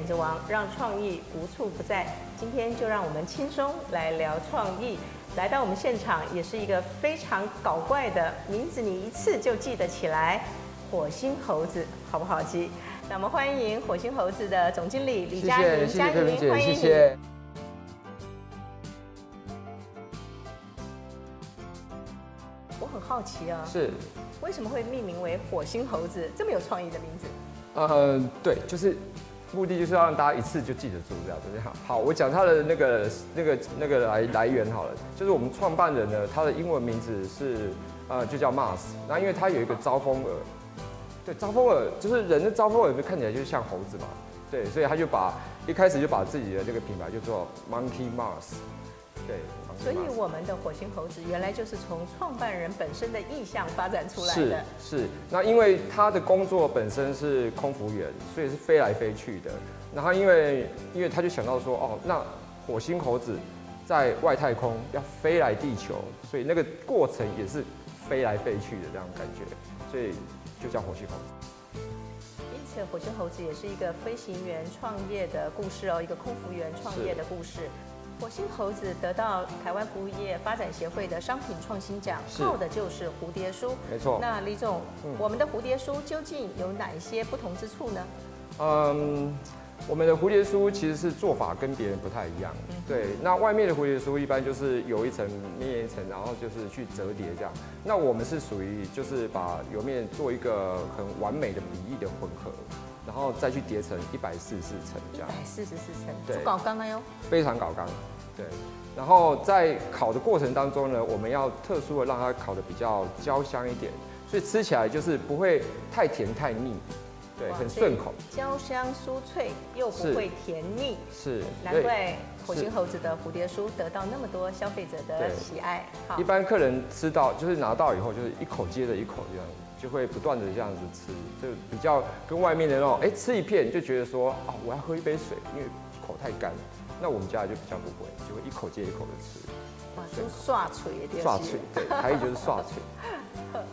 點子王讓創意無處不在。今天就讓我們輕鬆來聊創意。來到我們現場也是一個非常搞怪的名字，你一次就記得起來。火星猴子，好不好記？那麼歡迎火星猴子的總經理李佳穎。謝謝，琳謝，謝，歡迎你，謝謝。我很好奇啊、哦，是，是為什麼會命名為火星猴子？這麼有創意的名字。呃，對，就是。目的就是要讓大家一次就記得住，這樣子，好。我講他的那個那個那個來來源好了，就是我們創辦人呢，他的英文名字是呃，就叫 Mars。那因為他有一個招風耳，對，招風耳就是人的招風耳看起來就是像猴子嘛，對，所以他就把一開始就把自己的這個品牌就做 Monkey Mars，對。所以我們的火星猴子原來就是從創辦人本身的意向發展出來的。是，是。那因為他的工作本身是空服員，所以是飛來飛去的。然後因為因為他就想到說，哦，那火星猴子在外太空要飛來地球，所以那個過程也是飛來飛去的這樣的感覺，所以就叫火星猴子。因此，火星猴子也是一個飛行員創業的故事哦，一個空服員創業的故事。火星猴子得到台灣服務業發展協會的商品創新獎，是靠的就是蝴蝶酥。沒錯錯。那李總，嗯、我們的蝴蝶酥究竟有哪一些不同之處呢？嗯，我們的蝴蝶酥其實是做法跟別人不太一樣。嗯、對，那外面的蝴蝶酥一般就是有一層面一層，然後就是去折疊這樣。那我們是屬於就是把油面做一個很完美的比例的混合。然後再去疊成一百四十四層，這樣。一百四十四層，對，搞剛了喲。非常搞剛，對。然後在烤的過程當中呢，我們要特殊的讓它烤得比較焦香一點，所以吃起來就是不會太甜太膩，對，哇很順口。焦香酥脆又不會甜膩，是。是難怪火星猴子的蝴蝶酥得到那麼多消費者的喜愛。對好一般客人吃到就是拿到以後就是一口接着一口這樣。就會不斷的這樣子吃，就比較跟外面的那種，哎，吃一片就覺得說，啊，我要喝一杯水，因為口太乾了。那我們家就比較不會，就會一口接一口的吃，哇，對就刷脆一點，刷脆，對，還有就是刷脆。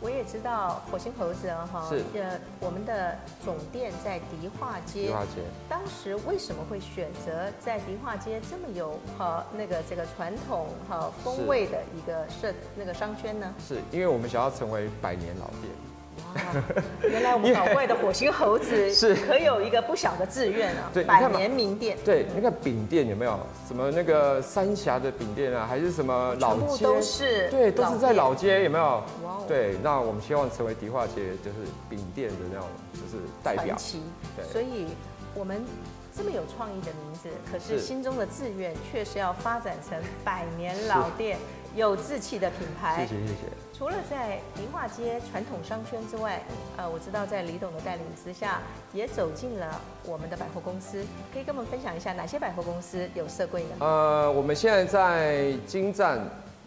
我也知道火星猴子，哦、是啊哈，是，我們的總店在迪化街。迪化街。當時為什麼會選擇在迪化街這麼有哈、啊、那個這個傳統哈、啊、是風味的一個設那個商圈呢？是因為我們想要成為百年老店。Wow, 原來我們老外，的火星猴子是可有一個不小的志願啊！ 對百年名店。對，那個餅店有沒有？什麼那個三峽的餅店啊？還是什麼老街？全部都是，對，都是在老街。有沒有？哇、哦、對，那我們希望成為迪化街，就是餅店的那種，就是代表。傳奇。對所以我們這麼有創意的名字，可是心中的志願確實要發展成百年老店。有志氣的品牌，謝謝謝謝。除了在迪化街傳統商圈之外，呃，我知道在李董的帶領之下，也走進了我們的百貨公司，可以跟我們分享一下哪些百貨公司有設櫃呢？呃，我們現在在京站，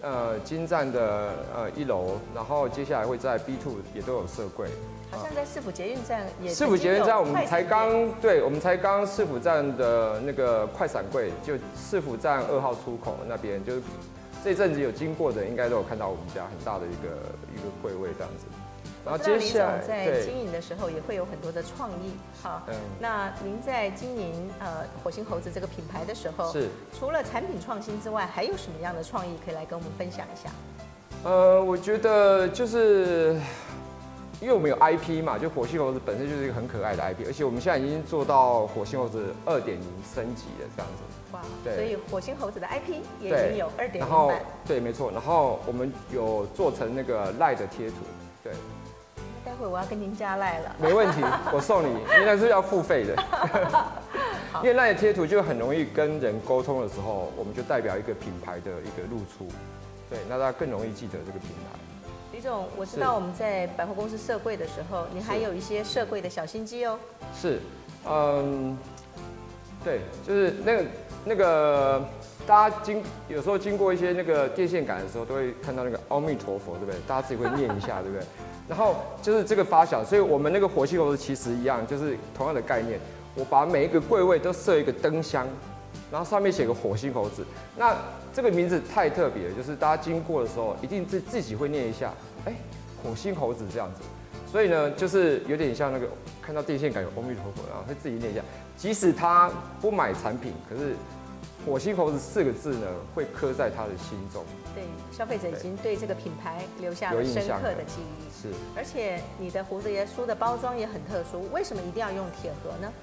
呃，京站的呃一樓，然後接下來會在 B two 也都有設櫃。好像在市府捷運站也有設櫃。市府捷運站，我們才剛，對，我們才剛市府站的那個快閃櫃，就市府站二號出口那邊，就。這陣子有經過的，應該都有看到我們家很大的一個一個櫃位這樣子。然後接下來我在經營的時候，也會有很多的創意，好對，嗯。那您在經營呃火星猴子這個品牌的時候，是除了產品創新之外，還有什麼樣的創意可以來跟我們分享一下？呃，我覺得就是。因為我們有 IP 嘛，就火星猴子本身就是一個很可愛的 IP，而且我們現在已經做到火星猴子2.0升級了這樣子。哇，Wow, 對，所以火星猴子的 IP 也已經有2.0。然後，對，沒錯。然後我們有做成那個 LINE 的貼圖，對。待會我要跟您加 LINE 了。 沒問題，我送你。應該是要付費的。 的因為 LINE 的貼圖就很容易跟人溝通的時候，我們就代表一個品牌的一個露出，對，那大家更容易記得這個品牌。李總，我知道我們在百貨公司設櫃的時候，是你還有一些設櫃的小心機哦。是，嗯，對，就是那個那個，大家經有時候經過一些那個電線桿的時候，都會看到那個阿彌陀佛，對不對？大家自己會念一下， 對不對？然後就是這個發小，所以我們那個火星猴子其實一樣，就是同樣的概念。我把每一個櫃位都設一個燈箱，然後上面寫個火星猴子。那這個名字太特別了，就是大家經過的時候，一定自自己會念一下。哎、欸，火星猴子這樣子，所以呢，就是有點像那個看到電線桿有“阿彌陀佛”，然後會自己念一下。即使他不買產品，可是“火星猴子”四個字呢，會刻在他的心中。對，消費者已經對這個品牌留下了深刻的記憶。是。而且你的蝴蝶酥的包裝也很特殊，為什麼一定要用鐵盒呢？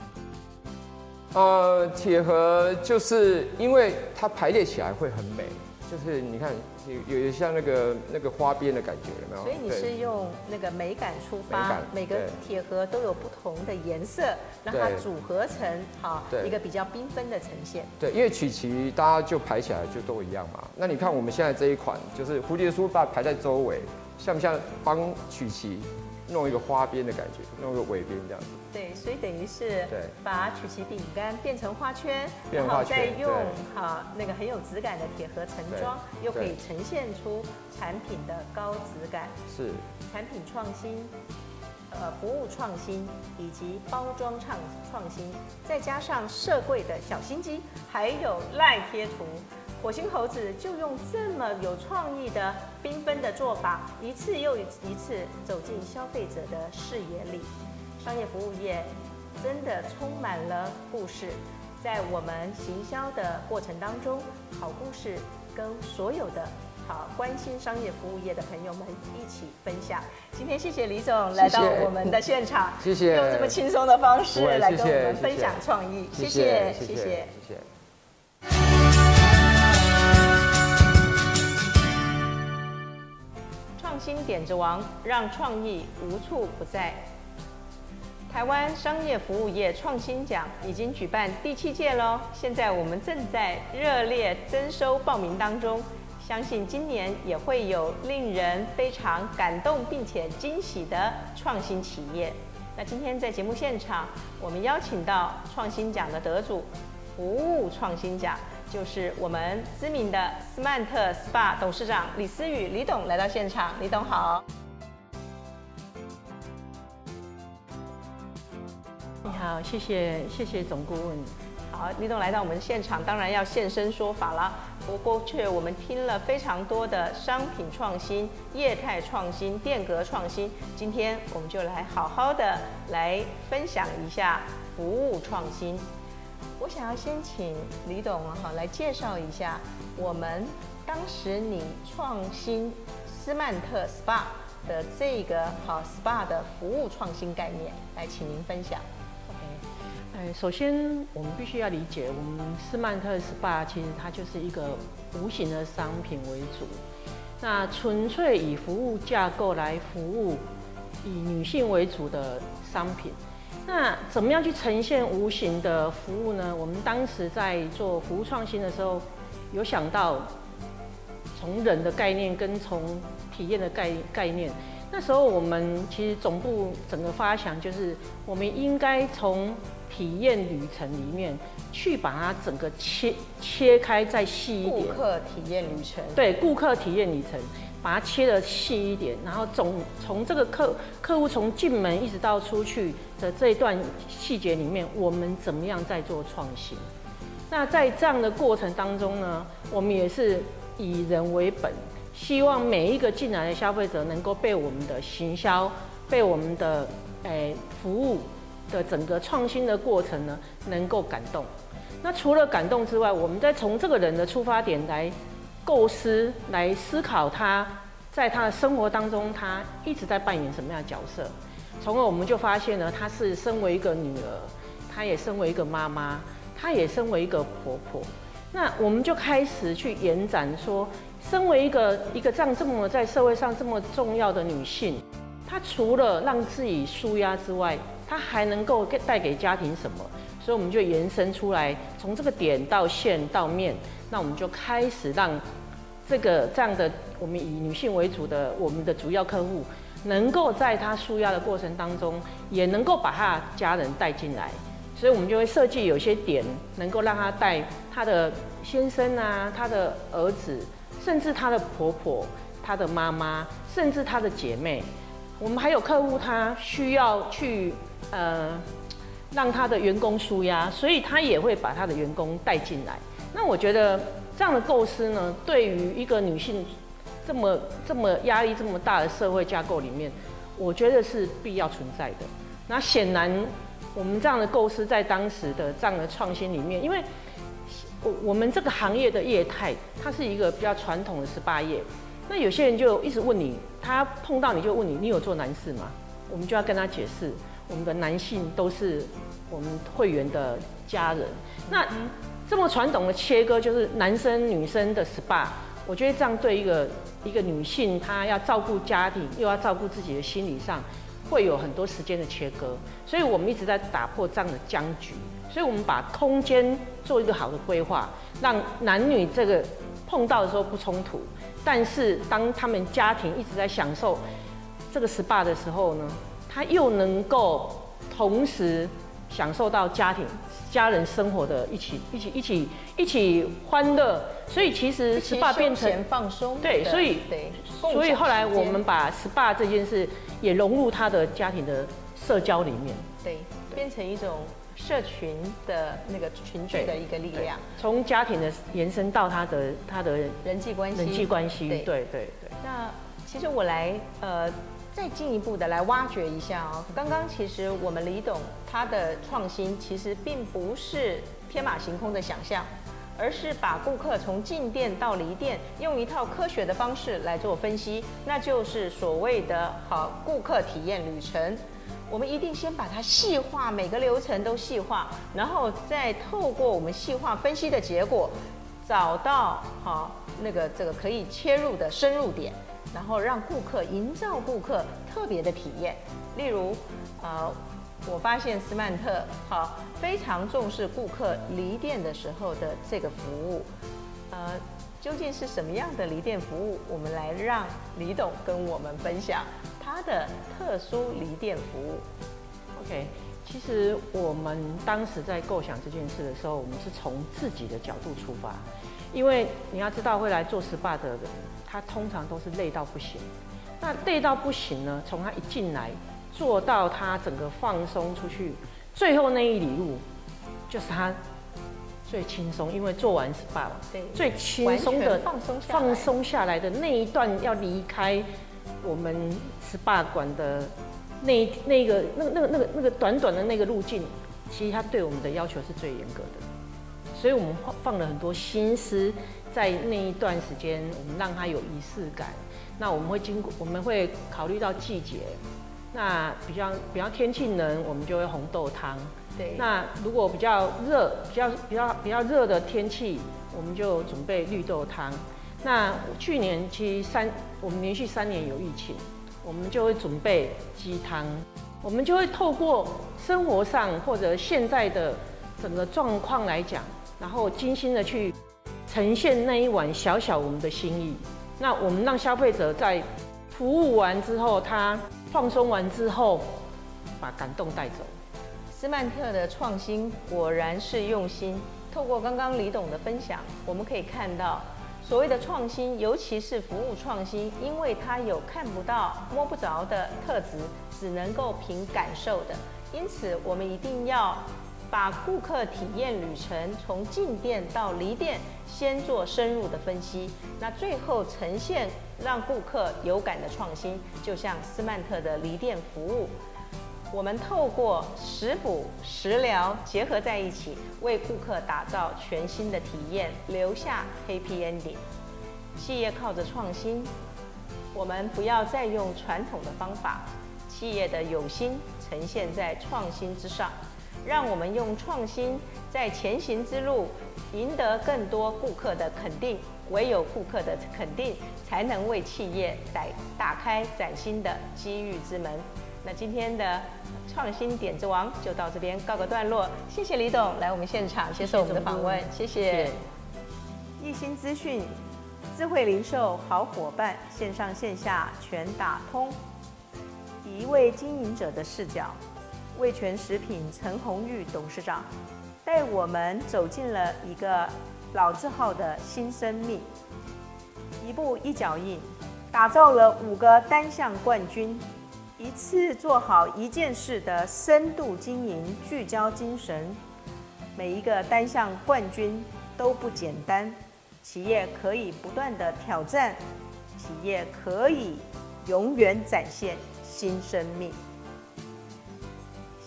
呃，鐵盒就是因為它排列起來會很美。就是你看有有像那個那個花邊的感覺有沒有？所以你是用那個美感出發，感每個鐵盒都有不同的顏色，對讓它組合成哈、啊、對一個比較繽紛的呈現。對，因為曲奇大家就排起來就都一樣嘛。那你看我們現在這一款就是蝴蝶酥，把它排在周圍。像不像幫曲奇弄一個花邊的感覺，弄一個尾邊這樣子？對，所以等於是把曲奇餅乾變成花圈、變化圈，然後再用哈對、啊、那個很有質感的鐵盒盛裝，對又可以呈現出產品的高質感。對是產品創新，呃，服務創新以及包裝創創新，再加上設櫃的小心機，還有 LINE 貼圖。火星猴子就用這麼有創意的、繽紛的做法，一次又一次走進消費者的視野裡。商業服務業真的充滿了故事，在我們行銷的過程當中，好故事跟所有的好關心商業服務業的朋友們一起分享。今天謝謝李總來到我們的現場，謝謝，用這麼輕鬆的方式來跟我們分享創意，謝謝，謝謝，謝謝。點子王讓創意無處不在。台灣商業服務業創新獎已經舉辦第七屆嘍，現在我們正在熱烈徵收報名當中，相信今年也會有令人非常感動並且驚喜的創新企業。那今天在節目現場，我們邀請到創新獎的得主——服務創新獎。就是我們知名的斯曼特 SPA 董事長李思瑀李董來到現場，李董好。你好，謝謝謝謝總顧問。好，李董來到我們現場，當然要現身說法了。不過卻我們聽了非常多的商品創新、業態創新、店格創新，今天我們就來好好的來分享一下服務創新。我想要先請李董哈來介紹一下我們當時你創新斯曼特 SPA 的這個好 SPA 的服務創新概念，來請您分享。OK，首先我們必須要理解，我們斯曼特 SPA 其實它就是一個無形的商品為主，那純粹以服務架構來服務以女性為主的商品。那怎麼樣去呈現無形的服務呢？我們當時在做服務創新的時候，有想到從人的概念跟從體驗的概概念。那時候我們其實總部整個發想就是，我們應該從體驗旅程裡面去把它整個切切開再細一點。顧客體驗旅程。對，顧客體驗旅程。把它切得細一點，然後總從這個客客戶從進門一直到出去的這一段細節裡面，我們怎麼樣在做創新？那在這樣的過程當中呢，我們也是以人為本，希望每一個進來的消費者能夠被我們的行銷、被我們的誒、呃、服務的整個創新的過程呢，能夠感動。那除了感動之外，我們再從這個人的出發點來。構思來思考，她在她的生活當中，她一直在扮演什麼樣的角色，從而我們就發現呢，她是身為一個女兒，她也身為一個媽媽，她也身為一個婆婆。那我們就開始去延展說，說身為一個一個這樣這麼在社會上這麼重要的女性，她除了讓自己紓壓之外，她還能夠帶給家庭什麼？所以我們就延伸出來，從這個點到線到面，那我們就開始讓。這個這樣的，我們以女性為主的我們的主要客戶，能夠在她舒壓的過程當中，也能夠把她家人帶進來，所以我們就會設計有些點，能夠讓她帶她的先生啊，她的兒子，甚至她的婆婆、她的媽媽，甚至她的姐妹。我們還有客戶，她需要去呃，讓她的員工舒壓，所以她也會把她的員工帶進來。那我覺得。這樣的構思呢，對於一個女性這麼這麼壓力這麼大的社會架構裡面，我覺得是必要存在的。那顯然，我們這樣的構思在當時的這樣的創新裡面，因為我我們這個行業的業態，它是一個比較傳統的十八業。那有些人就一直問你，他碰到你就問你，你有做男士嗎？我們就要跟他解釋，我們的男性都是我們會員的家人。那嗯。這麼傳統的切割，就是男生女生的 SPA，我覺得這樣對一個一個女性，她要照顧家庭又要照顧自己的心理上，會有很多時間的切割。所以我們一直在打破這樣的僵局，所以我們把空間做一個好的規劃，讓男女這個碰到的時候不衝突，但是當他們家庭一直在享受這個 SPA 的時候呢，他又能夠同時。享受到家庭、家人生活的一起、一起、一起、一起歡樂，對所以其實 SPA 變成放鬆，對，對所以對所以後來我們把 SPA 這件事也融入他的家庭的社交裡面，對，對變成一種社群的那個群聚的一個力量，從家庭的延伸到他的他的人際關係、人際關係，對對對。那其實我來呃。再進一步的來挖掘一下哦，剛剛其實我們李董他的創新其實並不是天馬行空的想象，而是把顧客從進店到離店用一套科學的方式來做分析，那就是所謂的好顧客體驗旅程。我們一定先把它細化，每個流程都細化，然後再透過我們細化分析的結果，找到好那個這個可以切入的深入點。然後讓顧客營造顧客特別的體驗，例如，呃，我發現斯曼特好，呃，非常重視顧客離店的時候的這個服務，呃，究竟是什麼樣的離店服務？我們來讓李董跟我們分享他的特殊離店服務。OK，其實我們當時在構想這件事的時候，我們是從自己的角度出發。因為你要知道會來做 SPA 的人，他通常都是累到不行。那累到不行呢？從他一進來，做到他整個放鬆出去，最後那一里路，就是他最輕鬆。因為做完 SPA 了，對，最輕鬆的放鬆放鬆下來的那一段，要離開我們 SPA 館的那那個那個那個那個、那個那個、那個短短的那個路徑，其實他對我們的要求是最嚴格的。所以我們放了很多心思在那一段時間，我們讓它有儀式感。那我們會經過，我們會考慮到季節。那比較比較天氣冷，我們就會紅豆湯。對。那如果比較熱，比較比較比較熱的天氣，我們就準備綠豆湯。那去年其實三，我們連續三年有疫情，我們就會準備雞湯。我們就會透過生活上或者現在的整個狀況來講。然後精心的去呈現那一碗小小我們的心意，那我們讓消費者在服務完之後，他放鬆完之後，把感動帶走。斯曼特的創新果然是用心。透過剛剛李董的分享，我們可以看到，所謂的創新，尤其是服務創新，因為它有看不到、摸不着的特質，只能夠憑感受的，因此我們一定要。把顧客體驗旅程從進店到離店先做深入的分析，那最後呈現讓顧客有感的創新，就像斯曼特的離店服務，我們透過食補食療結合在一起，為顧客打造全新的體驗，留下 Happy Ending。企業靠着創新，我們不要再用傳統的方法，企業的用心呈現在創新之上。讓我們用創新在前行之路贏得更多顧客的肯定，唯有顧客的肯定，才能為企業打打開嶄新的機遇之門。那今天的創新點子王就到這邊告個段落，謝謝李董來我們現場接受我們的訪問，謝謝，謝謝。易心是資訊，智慧零售好夥伴，線上線下全打通，以一位經營者的視角。味全食品陳紅玉董事長帶我們走進了一個老字號的新生命。一步一腳印，打造了五個單項冠軍，一次做好一件事的深度經營聚焦精神。每一個單項冠軍都不簡單，企業可以不斷的挑戰，企業可以永遠展現新生命。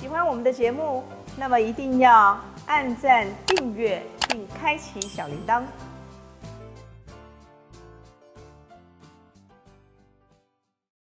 喜歡我們的節目，那麼一定要按贊、訂閱並開啟小鈴鐺。